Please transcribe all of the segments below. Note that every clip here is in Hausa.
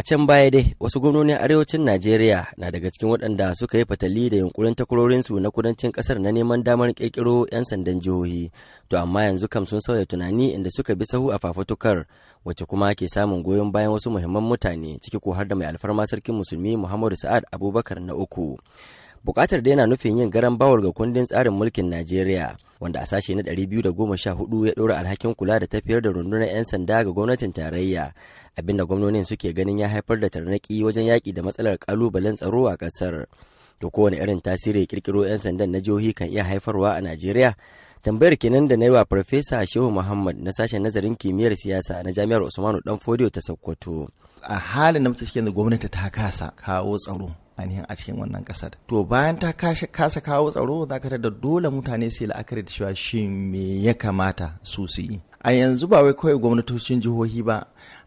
A can baya dai wasu gwamnonin arewacin Najeriya na daga cikin waɗanda suka yi fatali da yunkurin takwarorinsu na kudancin ƙasar na neman damar ƙirƙiro 'yan sandan jihohi. To amma yanzu kam sun sauya tunani inda suka bi sahu a fafutukar wacce kuma ke samun goyon bayan wasu muhimman mutane ciki ko har da mai alfarma sarkin musulmi Muhammadu Sa'ad Abubakar na uku. bukatar da yana nufin yin garan bawar ga kundin tsarin mulkin najeriya wanda a sashe na 214 ya ɗora alhakin kula da tafiyar da rundunar 'yan sanda ga gwamnatin tarayya abinda gwamnonin suke ganin ya haifar da tarnaki wajen yaki da matsalar ƙalubalen tsaro a ƙasar da kowane irin tasiri kirkiro 'yan sandan na jihohi kan iya haifarwa a najeriya tambayar kinan da na yi wa farfesa shehu muhammad na sashen nazarin kimiyyar siyasa na jami'ar usmanu danfodiyo ta sokoto a halin da mutum cikin da gwamnati ta kasa kawo tsaro ainihin a cikin wannan kasar to bayan ta kasa kawo tsaro za ka da dole mutane su yi la'akari da cewa shi me ya kamata su su yi a yanzu ba wai kawai gwamnatocin jihohi ba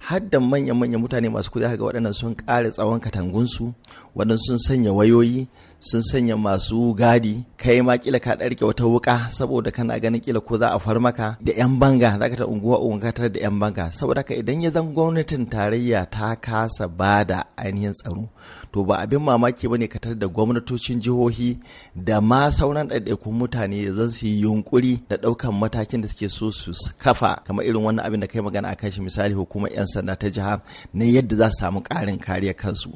har da manya-manyan mutane masu kudi ga waɗannan sun ƙare tsawon katangunsu waɗansu sun sanya wayoyi sun sanya masu gadi kai ma kila ka ɗarke wata wuka saboda kana ganin kila ko za a far maka da 'yan banga za ka ta unguwa unguwa da 'yan banga saboda haka idan ya zan gwamnatin tarayya ta kasa ba da ainihin tsaro to ba abin mamaki ba ne ka da gwamnatocin jihohi da ma sauran ɗaiɗaikun mutane zan su yi yunƙuri da ɗaukan matakin da suke so su kafa kamar irin wannan abin da kai magana a kan shi misali hukumar 'yan sanda ta jiha na yadda za su samu karin kariya kansu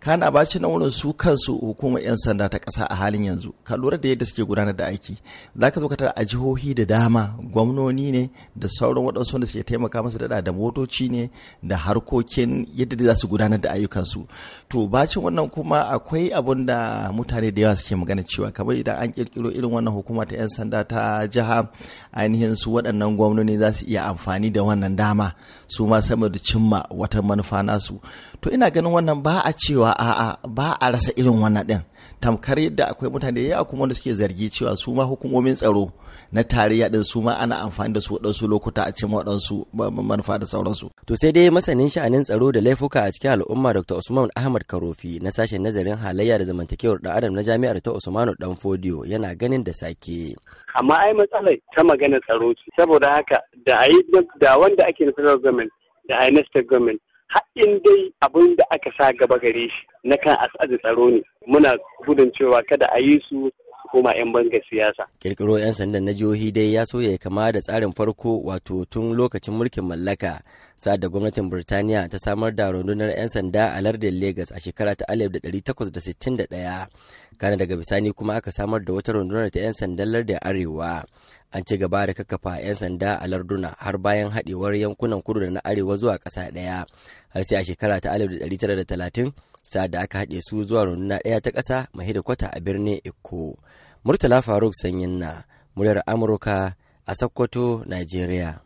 kana ba shi na wurin su kansu hukumar 'yan sanda ta ƙasa a halin yanzu ka lura da yadda suke gudanar da aiki za ka zo ka tara a jihohi da dama gwamnoni ne da sauran waɗansu wanda suke taimaka masa daɗa da motoci ne da harkokin yadda za su gudanar da ayyukansu to bacin wannan kuma akwai abun da mutane da yawa suke magana cewa kamar idan an ƙirƙiro irin wannan hukuma ta 'yan sanda ta jiha ainihin su waɗannan gwamnoni za su iya amfani da wannan dama su ma sama da cimma wata manufa nasu to ina ganin wannan ba a cewa a'a ba a rasa irin wannan din tamkar yadda akwai mutane ya kuma da suke zargi cewa su ma hukumomin tsaro na tarayya din su ma ana amfani da su waɗansu lokuta a cimma waɗansu manufa da sauransu. To sai dai masanin sha'anin tsaro da laifuka a cikin al'umma Dr. Usman Ahmad Karofi na sashen nazarin halayya da zamantakewar da adam na jami'ar ta Usmanu Danfodiyo yana ganin da sake. Amma ai matsalar ta magana tsaro saboda haka da a yi da wanda ake nufin da high state haɗin dai abin da aka sa gaba gare shi na kan asali tsaro ne muna gudun cewa kada a yi su koma 'yan bangar siyasa. Kirkiro 'yan sandan na jihohi dai ya soya kama da tsarin farko wato tun lokacin mulkin mallaka sa'ad da gwamnatin Birtaniya ta samar da rundunar 'yan sanda a lardin Legas a shekara ta 1861. Kana daga bisani kuma aka samar da wata rundunar ta 'yan sandan lardin Arewa. An ci gaba da kakkafa 'yan sanda a larduna har bayan haɗewar yankunan kudu da na arewa zuwa ƙasa ɗaya. Har sai a shekara ta 1930 sa'ad da aka haɗe su zuwa runduna ɗaya ta ƙasa mai hidikwata a birnin Ikko. Murtala Faruk Sanyinna muryar Amurka a Sokoto, Najeriya.